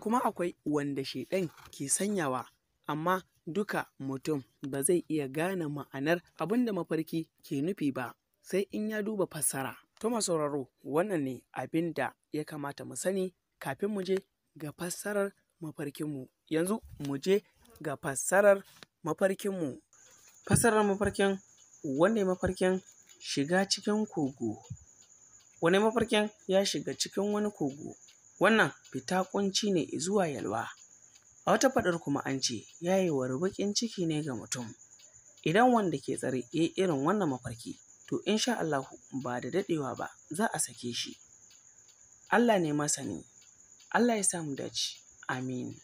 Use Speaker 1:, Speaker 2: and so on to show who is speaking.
Speaker 1: kuma akwai wanda shaidan ke sanyawa amma duka mutum ba zai iya gane ma'anar abin da mafarki ke nufi ba sai in ya duba fassara. Tuma sauraro wannan ne abin da ya kamata mu sani kafin mu je ga fassarar mafarkinmu. Yanzu mu je ga fassarar mafarkinmu. Fassarar mafarkin wanne mafarkin shiga cikin kogo. Wani mafarkin ya shiga cikin wani kogo. wannan fita kunci ne zuwa yalwa a wata faɗar kuma an ce ya yi wa baƙin ciki ne ga mutum idan wanda ke tsare ya irin wannan mafarki to insha Allahu ba da daɗewa ba za a sake shi Allah ne masani Allah ya samu dace amin